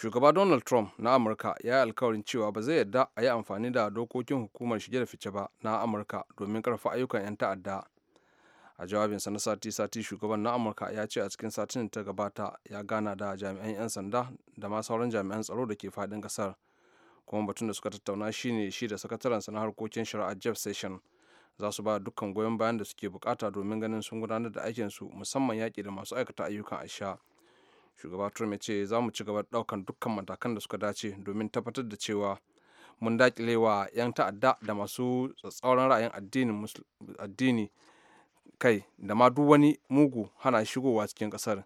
shugaba donald trump na amurka ya yi alkawarin cewa ba zai yarda a yi amfani da dokokin hukumar shige da fice ba na amurka domin karfa ayyukan 'yan ta'adda a jawabinsa na sati-sati shugaban na amurka ya ce a cikin satin ta gabata ya gana da jami'an 'yan sanda da ma sauran jami'an tsaro da ke faɗin kasar kuma batun da suka tattauna shine shi da sakatarensa na harkokin shari'a jeff session za su ba dukkan goyon bayan da suke bukata domin ganin sun gudanar da aikinsu musamman yaƙi da masu aikata ayyukan aisha shugaba trump ce za mu ci gaba daukan dukkan matakan da suka dace domin tabbatar da cewa mun dakilewa 'yan ta'adda da masu tsatsauran ra'ayin addini kai da ma duk wani mugu hana shigowa cikin kasar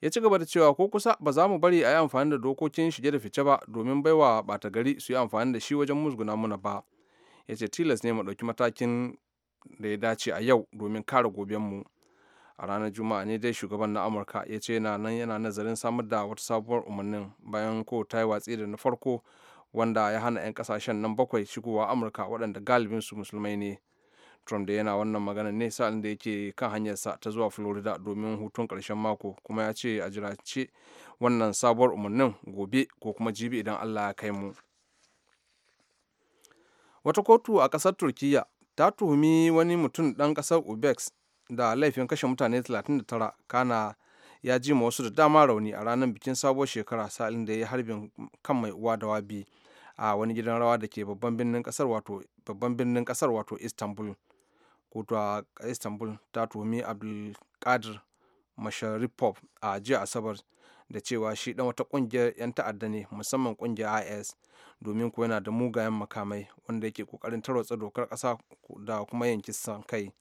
ya ci gaba da cewa ko kusa ba za mu bari a yi amfani da dokokin shige da fice ba domin baiwa bata gari su yi amfani da shi wajen musguna muna ba ya ce tilas ne mu ɗauki matakin da ya dace a yau domin kare gobenmu a ranar juma'a ne dai shugaban na amurka ya ce yana nan yana nazarin samar da wata sabuwar umarnin bayan ko ta yi watsi da na farko wanda ya hana 'yan kasashen nan bakwai shigowa amurka waɗanda galibin su musulmai ne trump da yana wannan magana ne sa'in da yake kan hanyarsa ta zuwa florida domin hutun karshen mako kuma ya ce a jirace wannan sabuwar umarnin gobe ko kuma jibi idan allah ya kai mu wata kotu a ƙasar turkiyya ta tuhumi wani mutum ɗan ƙasar ubex da laifin kashe mutane 39 kana ya ji ma wasu da dama rauni a ranar bikin sabuwar shekara sa'ilin da ya yi harbin kan mai uwa da wabi a wani gidan rawa da ke babban birnin kasar wato babban birnin kasar istanbul kotu a istanbul ta tuhumi abdulkadir masharipov a jiya asabar da cewa shi dan wata kungiyar 'yan ta'adda ne musamman kungiyar is domin kuwa yana da mugayen makamai wanda yake kokarin tarwatsa dokar kasa da kuma yanki san kai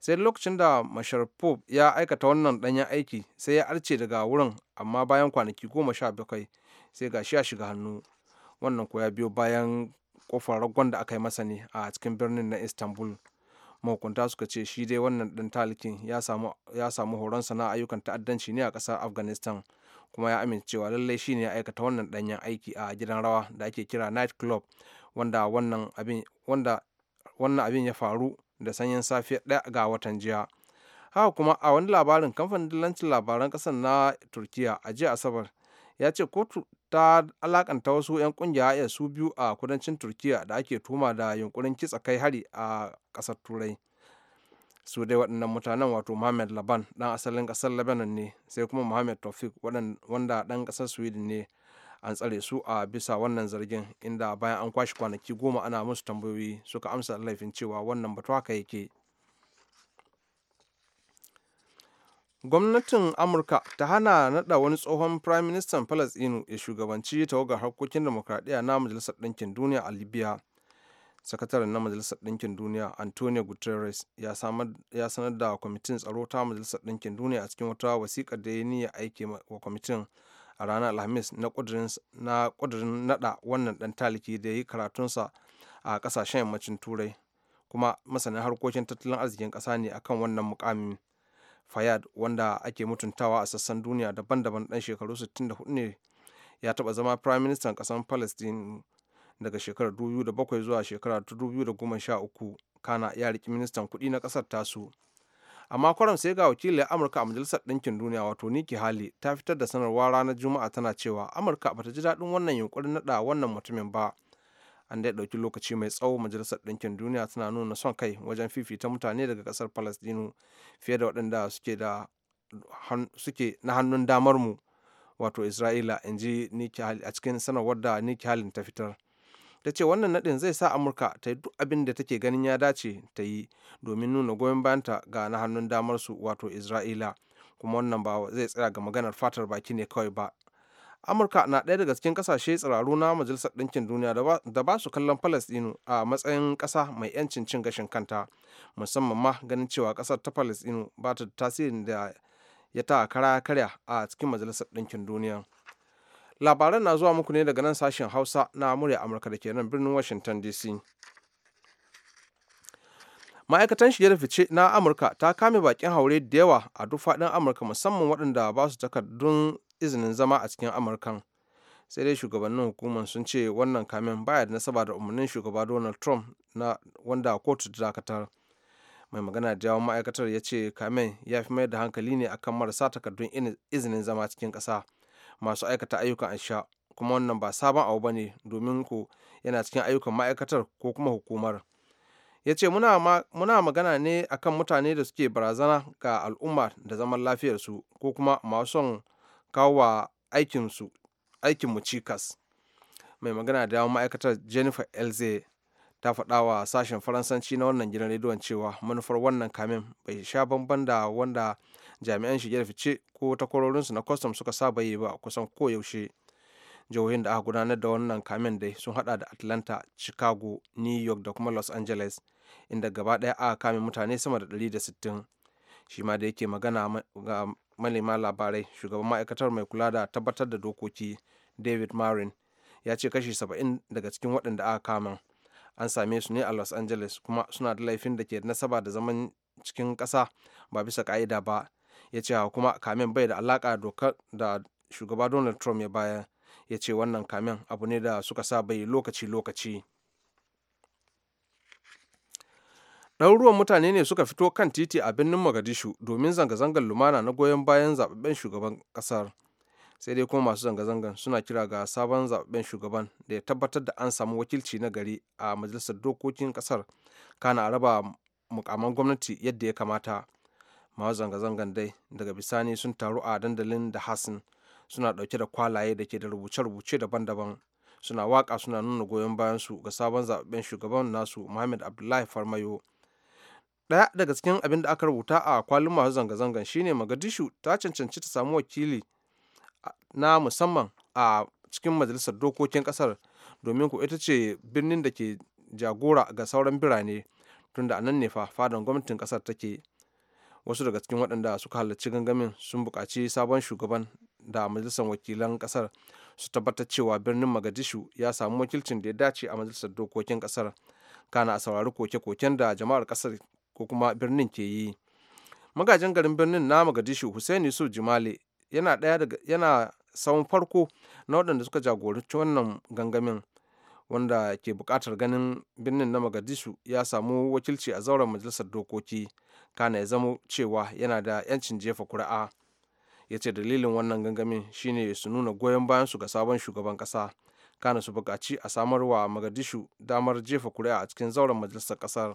sai lokacin da masharapov ya aikata wannan danyen aiki sai ya arce daga wurin amma bayan kwanaki goma sha bakwai sai gashi a shiga hannu wannan ko ya biyo bayan kofar ragon da aka yi masa ne a cikin birnin na istanbul mahukunta suka ce shi dai wannan dan talikin ya samu horon sana ayyukan ta'addanci ne a ƙasar afghanistan kuma ya amincewa lallai shi ne ya aikata wannan danyen aiki a gidan rawa da ake kira night club wanda wannan abin ya faru da sanyin safe ɗaya ga watan jiya haka kuma a wani labarin kamfanin dillancin labaran ƙasar na turkiyya a jiya asabar ya ce kotu ta alakanta wasu 'yan kungiya ya su biyu a kudancin turkiya da ake tuma da yunkurin kitsa kai hari a ƙasar turai su dai waɗannan mutanen wato mohamed laban ɗan asalin ƙasar lebanon ne sai kuma mohamed tofik wanda ɗan ƙasar sweden ne an tsare su a bisa wannan zargin inda bayan an kwashe kwanaki goma ana musu tambayoyi suka amsa laifin cewa wannan batu haka yake gwamnatin amurka ta hana nada wani tsohon prime minister palestine ya shugabanci tawagar harkokin demokradiyya na majalisar ɗinkin duniya a libya sakataren na majalisar ɗinkin duniya antonio guterres ya sanar da kwamitin tsaro ta majalisar ɗinkin duniya a cikin wata wasiƙar da ya niyya aiki wa kwamitin a ranar alhamis na kudirin nada wannan dan taliki da ya yi karatunsa a kasashen yammacin turai kuma masanin harkokin tattalin arzikin kasa ne akan wannan mukamin fayad wanda ake mutuntawa a sassan duniya daban-daban dan shekaru 64 ne ya taba zama prime minister kasan palestine daga shekarar 2007 zuwa shekarar 2013 kana ya riki ministan kudi na kasar tasu amma kwaram sai ga wakilin amurka a majalisar ɗinkin duniya wato niki hali ta fitar da sanarwa ranar juma'a tana cewa amurka bata ji daɗin wannan yunkurin naɗa wannan mutumin ba an dai ɗauki lokaci mai tsawo majalisar ɗinkin duniya tana nuna son kai wajen fifita mutane daga ƙasar palestinu fiye da waɗanda suke da suke na hannun damar mu wato isra'ila in ji a cikin sanarwar da niki halin ta fitar ta ce wannan nadin zai sa amurka ta yi duk abin da take ganin ya dace ta yi domin nuna goyon bayanta ga na hannun damarsu wato isra'ila kuma wannan ba zai tsaya ga maganar fatar baki ne kawai ba amurka na ɗaya daga cikin ƙasashe tsiraru na majalisar ɗinkin duniya da ba su kallon palestinu a matsayin ƙasa mai 'yancin cin gashin kanta musamman ma ganin cewa ƙasar ta palestinu ba ta tasirin da ya ta kara karya a cikin majalisar ɗinkin duniya. labaran na zuwa muku ne daga nan sashen hausa na murya amurka da ke nan birnin washington dc ma'aikatan shige da fice na amurka ta kame bakin haure da yawa a duk faɗin amurka musamman waɗanda ba su takardun izinin zama a cikin amurkan sai dai shugabannin hukumar sun ce wannan kamen baya da nasaba da umarnin shugaba donald trump na wanda kotu dakatar mai magana da yawon ma'aikatar ya ce kamen ya fi mai da hankali ne akan marasa takardun izinin zama cikin ƙasa masu aikata ayyukan asha kuma wannan ba sabon abu bane domin ko yana cikin ayyukan ma'aikatar ko kuma hukumar ya ce muna, magana ne akan mutane da suke barazana ga al'umma da zaman lafiyarsu ko kuma masu kawo wa aikinmu cikas mai magana da yawon ma'aikatar jennifer elze ta faɗa wa sashen faransanci na wannan gidan rediyon cewa manufar wannan kamin bai sha bamban da wanda jami'an shige da fice ko takwarorinsu na kwastam suka saba yi ba kusan koyaushe jihohin da aka gudanar da wannan kamen dai sun hada da atlanta chicago new york da kuma los angeles inda gaba daya aka kame mutane sama da 160 shi ma da yake magana ga manema labarai shugaban ma'aikatar mai kula da tabbatar da dokoki david marin ya ce kashi 70 daga cikin waɗanda aka kama an same su ne a los angeles kuma suna da laifin da ke nasaba da zaman cikin ƙasa ba bisa ka'ida ba ya ce kuma kamen bai da alaka dokar da shugaba donald trump ya bayar ya ce wannan kamen abu ne da suka sa bai lokaci-lokaci ɗaruruwan mutane ne suka fito kan titi a birnin mogadishu domin zanga-zangar lumana na goyon bayan zababben shugaban ƙasar sai dai kuma masu zanga-zangar suna kira ga sabon zababben shugaban da ya tabbatar da an samu wakilci na gari a majalisar dokokin ƙasar kana a raba mukaman gwamnati yadda ya kamata masu zanga-zangan dai daga bisani sun taru a dandalin da hassan suna dauke da kwalaye da ke da rubuce-rubuce daban-daban suna waka suna nuna goyon bayan su ga sabon zaɓen shugaban nasu muhammad abdullahi farmayo daya daga cikin abin da aka rubuta a kwalin masu zanga-zangan shine magadishu ta cancanci ta samu wakili na musamman a cikin majalisar dokokin kasar domin ku ita ce birnin da ke jagora ga sauran birane tunda a nan ne fa fadan gwamnatin ƙasar take wasu daga cikin waɗanda suka halarci gangamin sun buƙaci sabon shugaban da majalisar wakilan ƙasar su tabbatar cewa birnin magadishu ya samu wakilcin da ya dace a majalisar dokokin ƙasar kana a saurari koke-koken da jama'ar ƙasar ko kuma birnin ke yi magajin garin birnin na magadishu hussein yusuf jimale yana ɗaya daga yana sawun farko na waɗanda suka jagoranci wannan gangamin wanda ke buƙatar ganin birnin na magadishu ya samu wakilci a zauren majalisar dokoki kana ya zama cewa yana da 'yancin jefa kuri'a ya ce dalilin wannan gangamin shine su nuna goyon bayan su ga sabon shugaban kasa kana su bukaci a samar wa magadishu damar jefa kuri'a a cikin zauren majalisar kasar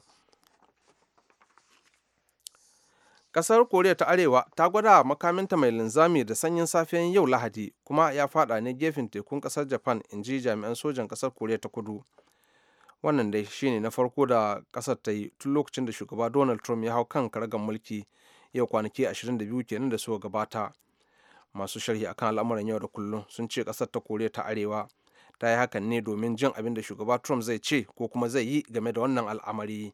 kasar koriya ta arewa ta gwada makaminta mai linzami da sanyin safiyan yau lahadi kuma ya fada ne gefen tekun kasar japan in ji jami'an sojan kasar koriya ta kudu wannan dai shine na farko da kasar ta yi tun lokacin da shugaba donald trump ya hau kan karagan mulki yau kwanaki 22 kenan da suka gabata masu sharhi akan al'amuran yau da kullum sun ce kasar ta koriya ta arewa ta yi hakan ne domin jin abin da shugaba trump zai ce ko kuma zai yi game da wannan al'amari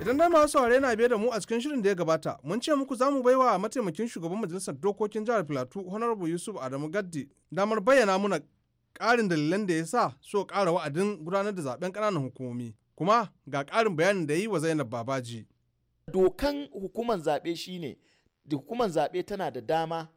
Idan dai masu saurare na biye da mu a cikin shirin da ya gabata, mun ce muku za zamu baiwa mataimakin shugaban majalisar dokokin jihar filato Honorable Yusuf Adamu Gaddi damar bayyana muna ƙarin dalilan da ya sa so ƙara wa'adin gudanar da zaben ƙananan hukumomi. Kuma ga ƙarin bayanin da ya yi wa Zainab Babaji. Dokan hukumar zaɓe shine hukumar zaɓe tana da dama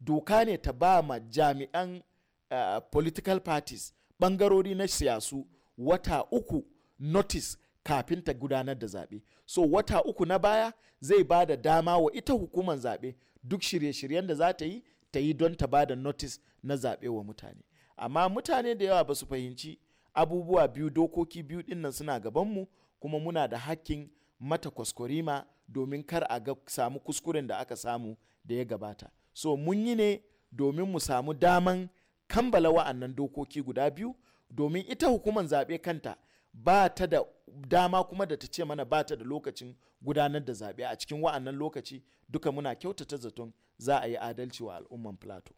doka ne ta ba ma jami'an eh, political parties bangarori na siyasu wata uku notice kafin ta gudanar da zaɓe so wata uku na baya zai ba da dama wa ita hukumar zaɓe duk shirye-shiryen da za ta yi ta yi don ta ba da notice na zaɓe wa mutane amma mutane da yawa ba su fahimci abubuwa biyu dokoki biyu dinnan suna gabanmu kuma muna da hakkin mata kwaskwarima domin kar a ga samu kuskuren da aka samu da ya gabata so mun yi ne domin mu samu daman kambala wa'annan dokoki guda biyu domin ita hukumar zaɓe kanta ba ta da dama kuma da ta ce mana ba ta da lokacin gudanar da zaɓe a cikin wa'annan lokaci duka muna kyautata zaton za a yi adalci wa al'umman plato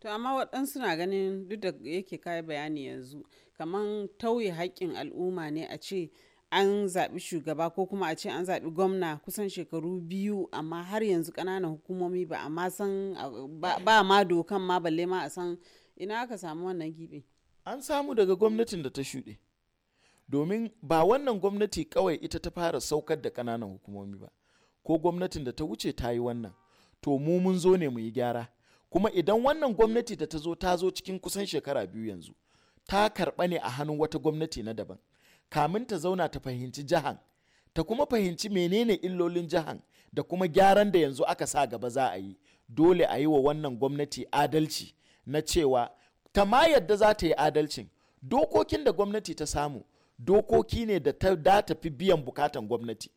to amma waɗansu na ganin duk da yake kai bayani yanzu kaman tauye haƙƙin al'umma ne a ce an zaɓi shugaba ko kuma a ce an zaɓi gwamna kusan shekaru biyu amma har yanzu ƙananan hukumomi ba a san ba ma dokan ma balle ma a san ina aka samu wannan gibe an samu daga gwamnatin da ta shuɗe domin ba wannan gwamnati kawai ita ta fara saukar da kananan hukumomi ba ko gwamnatin da ta wuce ta yi wannan to mu mun zo ne mu yi gyara kuma idan wannan gwamnati da ta zo ta zo cikin kusan shekara biyu yanzu ta karɓa ne a hannun wata gwamnati na daban kamin ta zauna ta fahimci jihan ta kuma fahimci menene illolin jihan da kuma gyaran da yanzu aka sa gaba za a yi dole a yi wa wannan gwamnati adalci na cewa ta ma yadda za ta yi adalcin dokokin da gwamnati ta samu dokoki ne da ta da tafi biyan bukatan gwamnati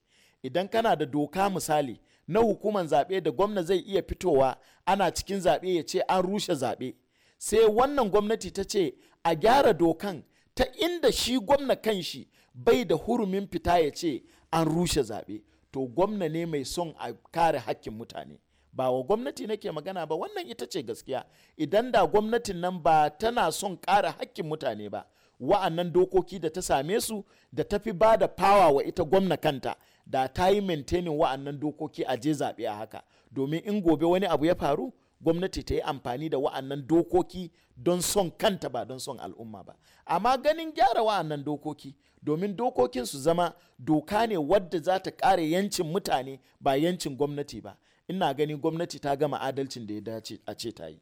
idan kana da doka misali na hukuman zaɓe da gwamna zai iya fitowa ana cikin zaɓe ya ce an rushe zaɓe sai wannan gwamnati ta ce a gyara dokan ta inda shi gwamna kanshi bai da hurumin fita ya ce an rushe zaɓe to gwamna ne mai son a kare hakkin mutane ba wa gwamnati nake magana ba wannan ita ce gaskiya idan da gwamnatin nan ba tana son kare hakkin mutane ba wa'annan dokoki da ta same su da ta fi ba da fawa wa ita gwamna kanta da ta yi maintainin wa'annan dokoki a je zaɓe a haka domin in gobe wani abu ya faru gwamnati ta yi amfani da wa'annan dokoki don son kanta ba don son al'umma ba amma ganin gyara wa'annan dokoki domin dokokin su zama doka ne wadda za ta kare yancin mutane ba yancin gwamnati ba ina ganin gwamnati ta gama adalcin da ya dace a ce ta yi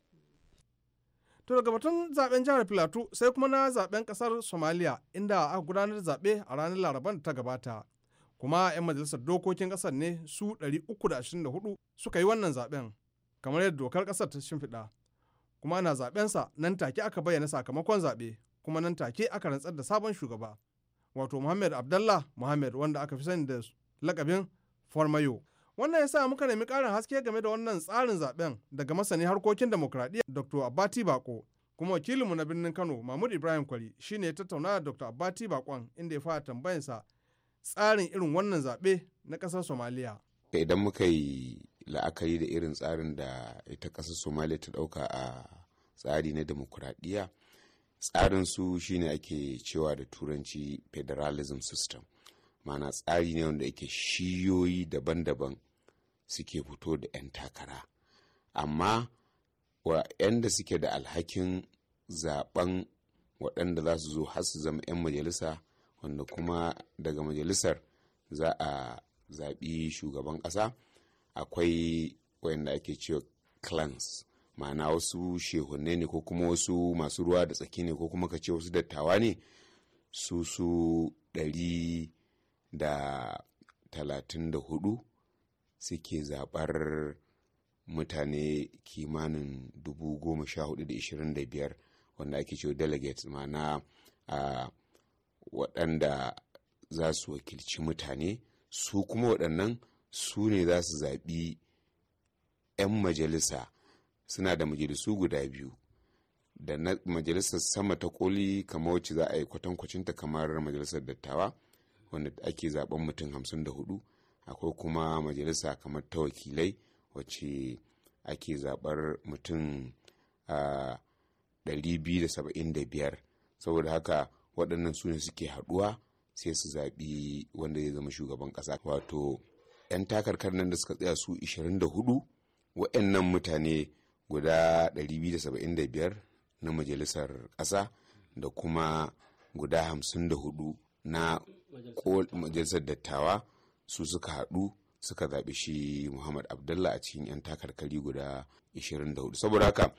To daga batun zaben jihar Filato sai kuma na zaben kasar Somalia inda aka gudanar zaɓe a ranar Laraban da ta gabata. Kuma 'yan majalisar dokokin ƙasar ne su 324 suka yi wannan zaben kamar yadda dokar ƙasar ta shimfiɗa. Kuma ana zaɓensa nan take aka bayyana sakamakon zaɓe kuma nan take aka rantsar da sabon shugaba. Wato Muhammad Abdallah Muhammad wanda aka fi sani da lakabin Formayo. wannan ya sa muka nemi ƙarin haske game da wannan tsarin zaben daga masani harkokin demokradiyya dr abati bako kuma wakilinmu na birnin kano mahmud ibrahim kwari shine ya tattauna da dr abati bakon inda ya fara tambayansa tsarin irin wannan zaɓe na ƙasar somaliya idan muka yi la'akari da irin tsarin da ita ƙasar somaliya ta ɗauka a tsari na demokradiyya tsarin su shine ake cewa da turanci federalism system mana tsari ne wanda yake shiyoyi daban-daban suke fito da 'yan takara amma wa da suke da alhakin zaben waɗanda za su zo har su zama 'yan majalisa wanda kuma daga majalisar za a zaɓi shugaban ƙasa akwai wayanda ake cewa clans ma'ana wasu shehunne ne ko kuma wasu masu ruwa da tsaki ne ko kuma ka ce wasu dattawa ne su su ɗari da talatin da suke zaɓar mutane kimanin dubu goma wanda ake cewa delegates mana a waɗanda za su wakilci mutane su kuma waɗannan su ne za su zaɓi 'yan majalisa suna da majalisu guda biyu da majalisar sama ta koli kamar wacce za a yi kwatankwacinta kamar majalisar dattawa wanda ake zaben mutum hamsin da hudu akwai kuma majalisa kamar ta wakilai wacce ake zaɓar mutum a 275 saboda haka waɗannan su ne suke haɗuwa sai su zaɓi wanda ya zama shugaban ƙasa wato 'yan takarkar nan da suka tsaya su 24 waɗannan mutane guda 275 na majalisar ƙasa da kuma guda 54 na ko majalisar dattawa su suka haɗu suka zaɓi shi muhammad abdullah a cikin 'yan takarkari guda 24 saboda haka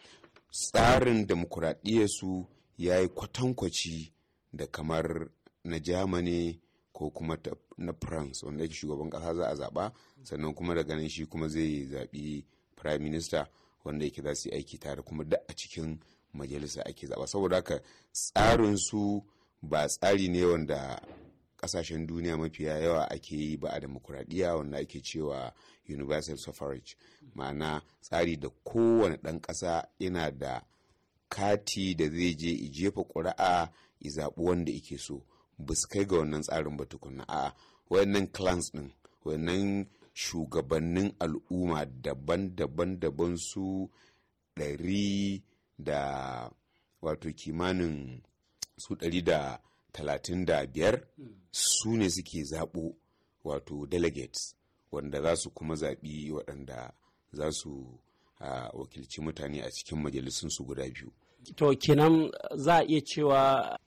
tsarin demokuraɗiyyarsu ya yi kwatankwaci da kamar na germany ko kuma na france wanda yake shugaban ƙasa za a zaɓa sannan kuma daga nan shi kuma zai zaɓi prime minister wanda yake za su yi aiki tare kuma duk a cikin majalisa ake zaɓa saboda haka su ba tsari ne wanda kasashen duniya mafiya yawa ake yi ba a demokuraɗiyya wanda ake cewa universal suffrage ma'ana tsari da kowane ɗan ƙasa yana da kati da zai je jefa ƙuri'a ya zaɓi wanda ike so ba su kai ga wannan tsarin ba tukuna a wayannan clans ɗin wayannan shugabannin al'umma daban-daban daban su ɗari da wato kimanin su ɗari da 35 su ne suke zaɓo wato delegates wanda za su kuma zaɓi waɗanda za su wakilci mutane a cikin majalisun su guda biyu. To kenan za a iya cewa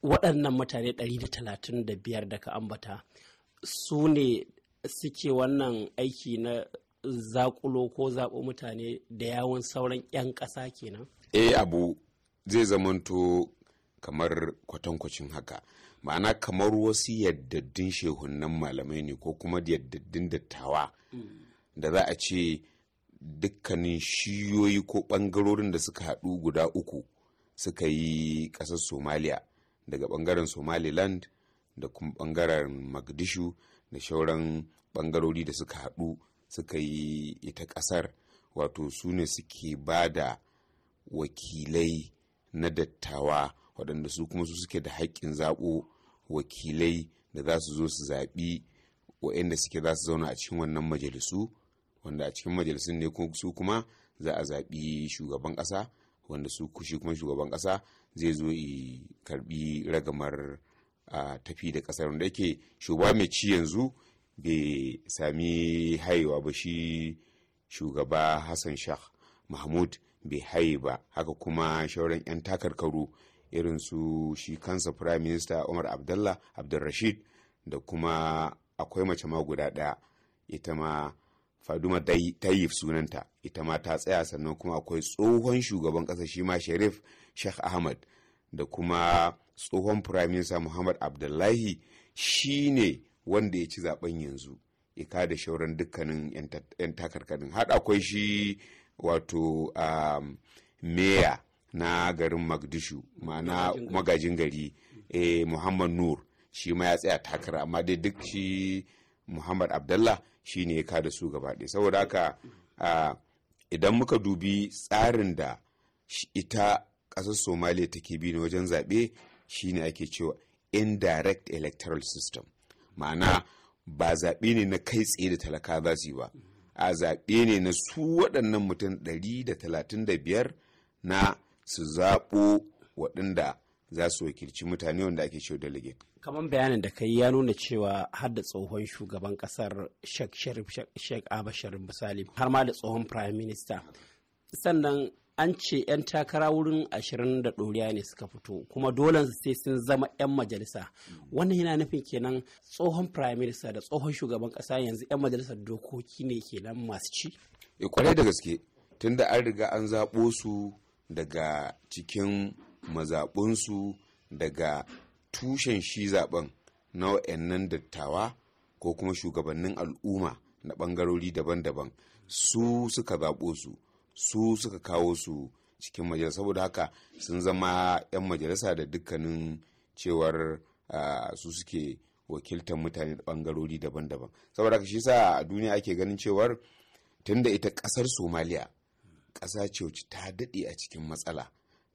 waɗannan mutane 135 da ka ambata su ne suke wannan aiki na zaƙulo ko zaɓo mutane da yawon sauran 'yan ƙasa kenan? Eh abu zai zamanto kamar kwatankwacin haka ma'ana kamar wasu yaddaddun shehunan malamai ne ko kuma yaddaddun dattawa mm. da za a ce dukkanin shiyoyi ko ɓangarorin da suka haɗu guda uku suka yi ƙasar somaliya daga ɓangaren somaliland da kuma ɓangaren magdishu da shauran ɓangarori da suka haɗu suka yi ita ƙasar wato su ne suke ba da wakilai na dattawa waɗanda su kuma su suke da haƙƙin zaɓo wakilai da za su zo su zaɓi waɗanda suke za su zauna a cikin wannan majalisu wanda a cikin majalisun ne su kuma za a zaɓi shugaban ƙasa wanda su kushi kuma shugaban ƙasa zai zo i karbi ragamar a tafi da ƙasar wanda yake shugaba mai ci yanzu bai sami haiwa ba shi shugaba hassan shah mahmud bai haye ba haka kuma shauran 'yan takarkaru irin su shi kansa prime minister umar abdullah abdulrashid da kuma akwai mace ma guda daya ita ma faduma tayyif sunanta ita ma ta tsaya sannan kuma akwai tsohon shugaban kasa shi ma sharif sheikh ahmad da kuma tsohon prime minister muhammad abdullahi shi ne wanda ya ci zaben yanzu ika da shauran dukkanin 'yan takarkarin har akwai shi wato um, meya na garin magdishu ma'ana magajin gari eh, muhammad nur shi ma ya tsaya takara amma dai duk shi muhammad Abdullah shi ne ya kada su gaba ɗaya saboda haka idan muka dubi tsarin da ita ƙasar somaliya take bi na wajen zaɓe shi ne ake cewa indirect electoral system ma'ana ba zaɓe ne na kai tsaye da talaka za su yi ba a zaɓe ne na su waɗannan mutum 135 na su zaɓo waɗanda za su wakilci mutane wanda ake cewa delegate. kamar bayanin da kai ya nuna cewa har da tsohon shugaban kasar shek abba sharif misali har ma da tsohon prime minister sannan an ce 'yan takara wurin ashirin da ɗoriya ne suka fito kuma dole sai sun zama 'yan majalisa wannan yana nufin kenan tsohon prime minister da tsohon shugaban ƙasa yanzu 'yan majalisar dokoki ne kenan masu ci kwarai eh, da gaske tunda an riga an zaɓo su daga cikin mazaɓunsu daga tushen shi zaɓen na wa'annan dattawa ko kuma shugabannin al'umma na ɓangarori daban-daban su suka zaɓo su su suka kawo su cikin majalisa saboda haka sun zama 'yan majalisa da dukkanin cewar su suke wakiltar mutane da ɓangarori daban-daban saboda haka shi sa a duniya ake ganin cewar tunda ita ƙasar somaliya ƙasa ce wacce ta daɗe a cikin matsala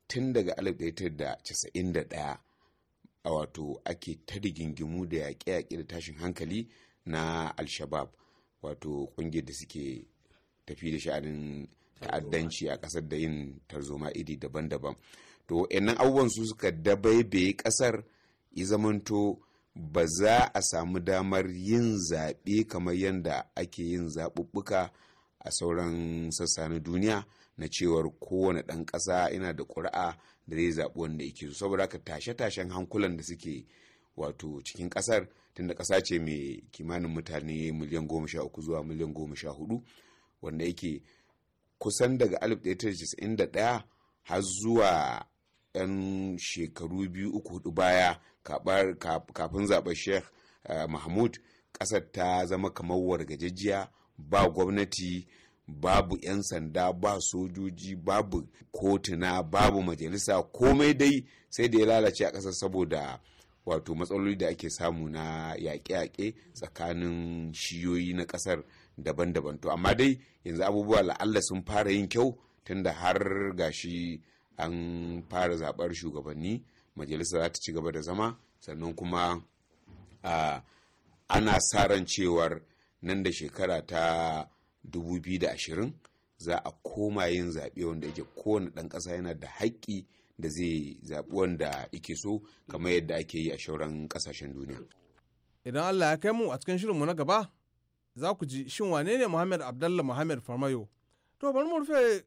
tun daga 1991 a wato ake ta rigingimu da yaƙe-yaƙe da tashin hankali na al-shabab wato ƙungiyar da suke tafi da sha'anin ta'addanci a ƙasar da yin tarzoma iri daban-daban to inan abubuwan su suka dabaibaye ƙasar ya zamanto ba za a samu damar yin zaɓe kamar yadda ake yin zaɓuɓɓuka a sauran sassa na duniya na cewar kowane ɗan ƙasa ina da ƙuri'a da zai zaɓi wanda yake so saboda haka tashe-tashen hankulan da suke wato cikin ƙasar tunda ƙasa ce mai kimanin mutane miliyan goma sha uku zuwa miliyan goma sha hudu wanda yake kusan daga 1991 har zuwa 'yan shekaru biyu uku hudu baya kafin zaɓen sheikh eh, mahmud ƙasar ta zama kamar wargajejiya ba gwamnati babu 'yan sanda ba sojoji babu kotuna babu majalisa komai dai sai da ya lalace a ƙasar saboda wato matsaloli da ake samu na yaƙe-yaƙe tsakanin shiyoyi na ƙasar daban-daban to amma dai yanzu abubuwa la'alla sun fara yin kyau tunda har gashi an fara zaɓar shugabanni majalisa za ta ci gaba da zama sannan kuma ah, ana sa ran cewar nan da shekara ta 2020 za a koma yin zaɓe wanda yake kowane ɗan ƙasa yana da haƙƙi da zai zaɓi wanda yake so kamar yadda ake yi a shauran ƙasashen duniya. Idan Allah ya kai mu a cikin shirinmu na gaba, za ku ji shin wane ne Muhammad Abdalla Muhammad Farmayo. To bari mu rufe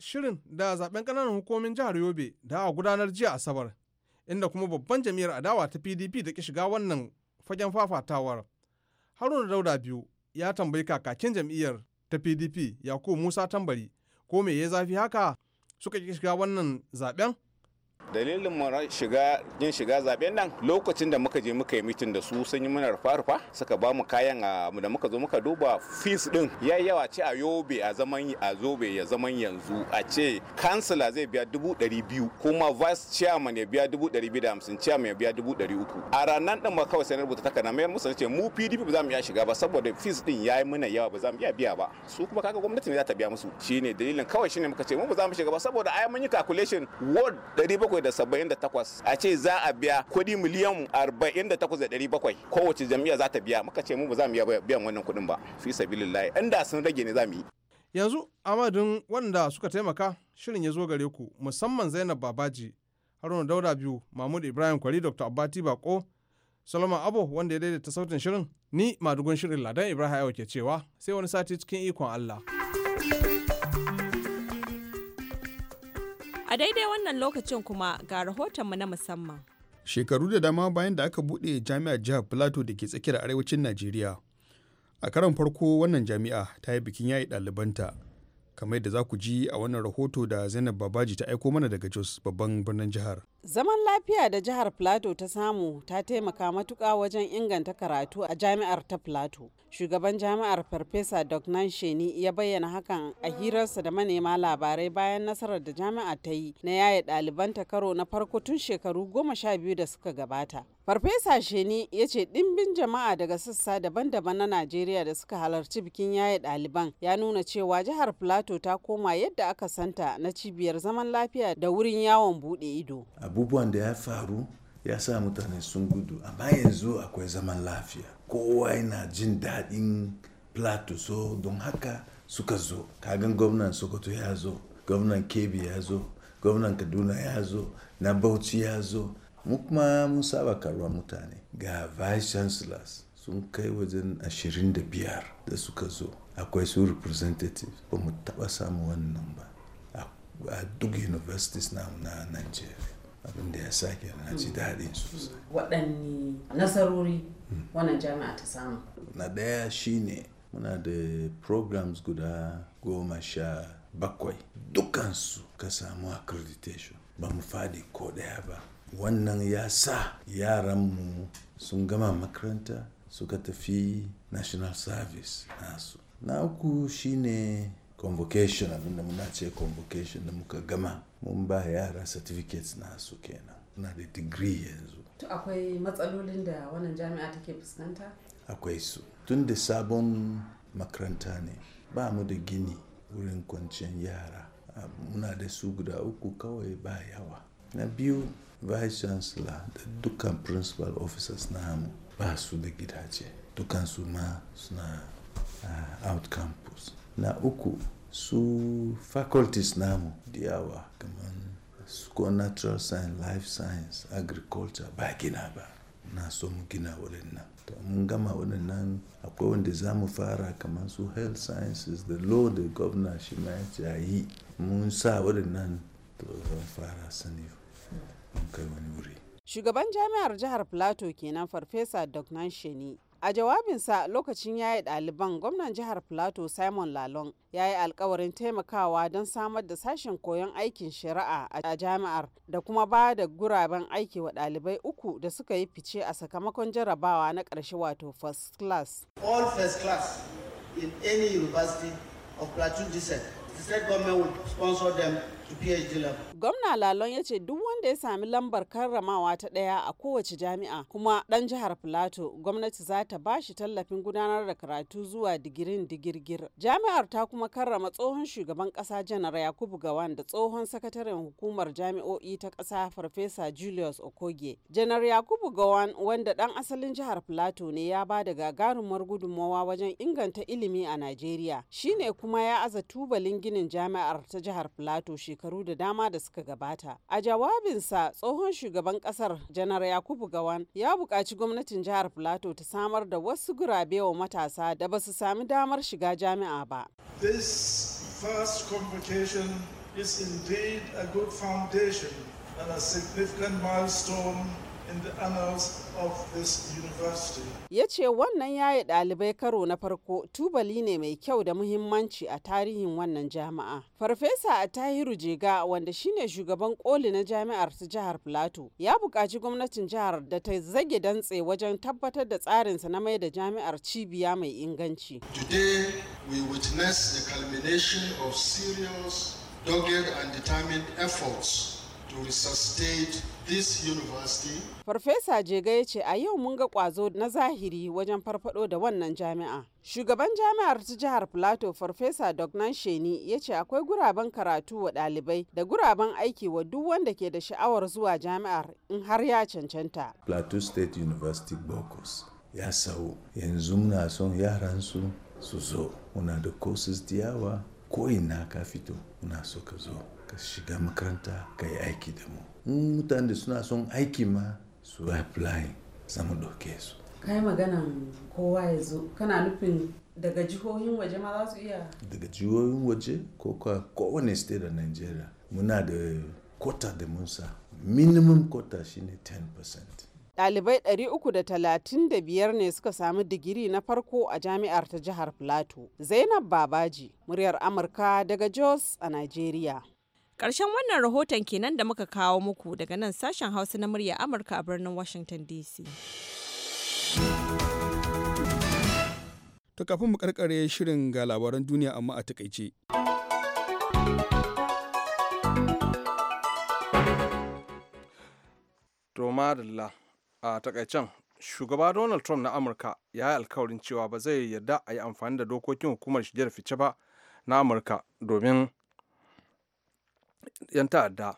shirin da zaben ƙananan hukumomin jihar Yobe da a gudanar jiya Asabar, inda kuma babban jam'iyyar adawa ta PDP da ki shiga wannan fagen fafatawar. Haruna Dauda biyu ya tambayi kakakin jam'iyyar ta PDP Yakubu Musa Tambari ko me ya zafi haka suka ƙi shiga wannan zaben dalilin mu shiga yin shiga zaben nan lokacin da muka je muka yi mitin da su sun yi mana rufa-rufa suka ba mu kayan ah, da muka zo muka duba fees din ya yawa ce a yobe a zaman a zobe ya zaman yanzu a ce kansila zai biya dubu ɗari biyu kuma vice chairman ya biya dubu ɗari biyu da hamsin chairman ya biya dubu ɗari uku a ranar ɗin ma kawai sai na rubuta takarda mayar musu ce mu pdp ba za mu iya shiga ba saboda fees din ya yi mana yawa ba za mu iya biya ba su kuma kaga gwamnati ne za ta biya musu shine dalilin kawai shine muka ce mu ba za mu shiga ba saboda ai mun yi calculation ward ɗari bakwai 778 a ce za a biya kuɗi miliyan 48,700 kowace jami'a za ta biya muka ce mu ba za mu iya biyan wannan kuɗin ba fi sabilillahi inda sun rage ne za mu yi yanzu amadin wanda suka taimaka shirin ya zo gare ku musamman zainab babaji haruna dauda biyu mahmud ibrahim kwari dr abbati bako salama abo wanda ya daidaita sautin shirin ni madugun shirin ladan ibrahim ke cewa sai wani sati cikin ikon allah A daidai wannan lokacin kuma ga rahotonmu na musamman. Shekaru da dama bayan da aka buɗe jami'ar jihar Plateau da ke tsakiyar arewacin Najeriya. A karon farko wannan jami'a ta yi bikin yayi ɗalibanta. Kamar yadda za ku ji a wannan rahoto da Zainab Babaji ta aiko mana daga Jos babban birnin jihar. Zaman lafiya da jihar Plateau ta samu ta taimaka matuƙa wajen inganta karatu a jami'ar ta Plateau. Shugaban jami'ar Farfesa Dognan Sheni ya bayyana hakan a hirarsa da manema labarai bayan nasarar da jami'a ta yi na ɗaliban ɗalibanta karo na farko tun shekaru goma sha biyu da suka gabata. Farfesa Sheni ya ce ɗimbin jama'a daga sassa daban-daban na Najeriya da suka halarci bikin yaye ɗaliban ya nuna cewa jihar Plateau ta koma yadda aka santa na cibiyar zaman lafiya da wurin yawon buɗe ido. abubuwan da ya faru ya sa mutane sun gudu amma yanzu akwai zaman lafiya kowa yana jin daɗin plateau so don haka suka zo kagan gwamnan sokoto ya zo gwamnan kebbi ya zo gwamnan kaduna ya zo na bauchi ya zo mu kuma mun saba karuwa mutane ga vice chancellors sun kai wajen 25 da suka zo akwai su representative ba mu taba samu wannan ba a duk universities na nigeria abinda ya sake na ji hmm. daɗi sosai hmm. waɗanne nasarori hmm. wannan jami'a ta samu na ɗaya shine muna da programs guda goma sha bakwai dukansu ka samu accreditation ba mu fadi ko ɗaya ba wannan ya sa Yaran mu sun gama makaranta suka tafi national service nasu na uku shine convocation abinda muna ce convocation da muka gama mun ba yara certificates nasu kenan na da degree yanzu to akwai matsalolin da wannan jami'a take fuskanta akwai su tun da sabon makaranta ne ba mu da gini wurin kwanciyar yara muna da su guda uku kawai ba yawa na biyu vice chancellor da dukkan principal officers na namu ba su da gidaje dukansu ma suna uh, out campus na uku su faculties namu da yawa kamar su natural science life science agriculture ba gina ba na so mu gina waɗannan to mun gama waɗannan akwai wanda za mu fara kamar su health sciences the law da governor shi ma ya yi mun sa waɗannan to zan fara sani mun kai wani wuri shugaban jami'ar jihar plateau kenan farfesa dognan sheni A jawabinsa lokacin yaye ɗaliban gwamnan jihar Plateau Simon Lalong ya yi alkawarin taimakawa don samar da sashen koyon aikin shari'a a jami'ar da kuma ba da guraben aiki wa ɗalibai uku da suka yi fice a sakamakon jarabawa na ƙarshe wato first class. All first class in any university of Plateau descent, the state government will sponsor them to PhD level. Gwamna Lalon ya ce duk wanda ya sami lambar karramawa ta ɗaya a kowace jami'a kuma ɗan jihar Filato gwamnati za ta ba shi tallafin gudanar da karatu zuwa digirin digirgir. Jami'ar ta kuma karrama tsohon shugaban ƙasa janar Yakubu Gawan da tsohon sakataren hukumar jami'o'i ta ƙasa Farfesa Julius Okoge. Janar Yakubu Gawan wanda ɗan asalin jihar Filato ne ya ba da gagarumar gudunmawa wajen inganta ilimi a Najeriya. Shi ne kuma ya aza tubalin ginin jami'ar ta jihar Filato shekaru da dama da suka gabata. A jawabin jawabinsa tsohon shugaban kasar janar yakubu gawan ya buƙaci gwamnatin jihar plateau ta samar da wasu gurabe wa matasa da ba su sami damar shiga jami'a ba this first convocation is indeed a good foundation and a significant milestone in the annals of this university. Ya ce wannan yaye ɗalibai karo na farko tubali ne mai kyau da muhimmanci a tarihin wannan jami'a. Farfesa Atahiru Jega wanda shine shugaban koli na jami'ar ta jihar Plateau ya buƙaci gwamnatin jihar da ta zage dantse wajen tabbatar da tsarinsa na mai da jami'ar cibiya mai inganci. Today we witness the culmination of serious, dogged and determined efforts to resuscitate this university. Farfesa Jega ya ce a yau mun ga kwazo na zahiri wajen farfado da wannan jami'a. Shugaban jami'ar ta jihar Plateau Farfesa Dognan Sheni ya ce akwai guraben karatu wa ɗalibai da guraben aiki wa duk wanda ke da sha'awar zuwa jami'ar in har ya cancanta. Plateau State University Bokos ya sau yanzu muna son yaransu su zo muna da courses da yawa ko ina ka fito muna so ka zo. ka shiga makaranta ka yi aiki da mu in mutane da suna son aiki ma su apply zama ɗauke su kai maganan kowa ya zo kana nufin daga jihohin waje ma za su iya daga jihohin waje ko kowane state da nigeria muna da kota da munsa minimum kota shine 10% Ɗalibai 335 ne suka sami digiri na farko a jami'ar ta jihar Plateau. Zainab Babaji, muryar Amurka daga Jos a Najeriya. Ƙarshen wannan rahoton kenan da muka kawo muku daga nan sashen Hausa na murya Amurka a birnin Washington DC. To kafin mu karkare shirin ga labaran duniya amma a takaice. madalla a takaicen shugaba Donald Trump na Amurka ya yi alkawarin cewa ba zai yarda a yi amfani da dokokin hukumar shige da fice ba na Amurka domin 'yan ta'adda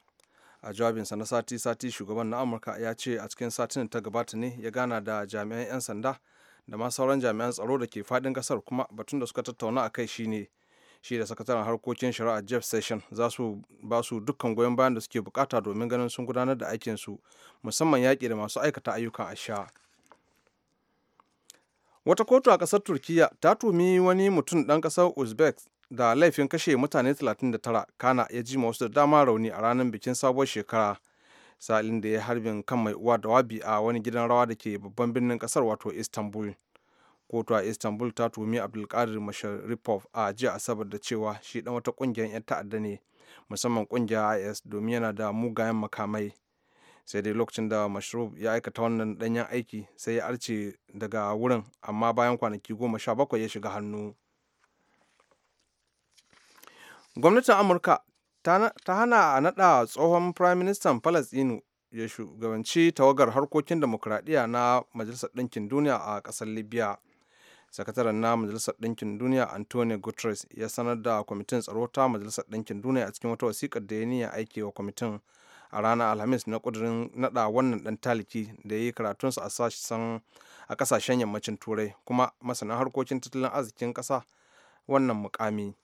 a jawabinsa na sati-sati shugaban na amurka ya ce a cikin satin ta gabata ne ya gana da jami'an 'yan sanda da ma sauran jami'an tsaro da ke fadin kasar kuma batun da suka tattauna a kai shine shi da sakataren harkokin shari'a jeff session za su ba su dukkan goyon bayan da suke bukata domin ganin sun gudanar da aikinsu musamman yaƙi da masu aikata ayyukan asha wata kotu a ƙasar turkiya ta tumi wani mutum ɗan kasar uzbek da laifin kashe mutane 39 kana ya ji wasu da dama rauni a ranar bikin sabuwar shekara salin da ya harbin kan mai uwa da wabi a wani gidan rawa da ke babban birnin kasar wato istanbul kotu a istanbul ta tuhumi abdulkadir masharipov a jiya asabar da cewa shi dan wata kungiyar 'yan ta'adda ne musamman kungiyar is domin yana da mugayen makamai sai dai lokacin da mashrub ya aikata wannan danyen aiki sai ya arce daga wurin amma bayan kwanaki goma sha bakwai ya shiga hannu gwamnatin amurka ta hana a naɗa tsohon firaministan falastinu ya shugabanci tawagar harkokin demokuraɗiyya na majalisar ɗinkin duniya a ƙasar libya sakataren na majalisar ɗinkin duniya antonio guterres ya sanar da kwamitin tsaro ta majalisar ɗinkin duniya a cikin wata wasiƙar da ya niyya aiki wa kwamitin a ranar alhamis na ƙudurin naɗa wannan ɗan taliki da ya yi karatunsa a sashen a ƙasashen yammacin turai kuma masana harkokin tattalin arzikin ƙasa wannan mukami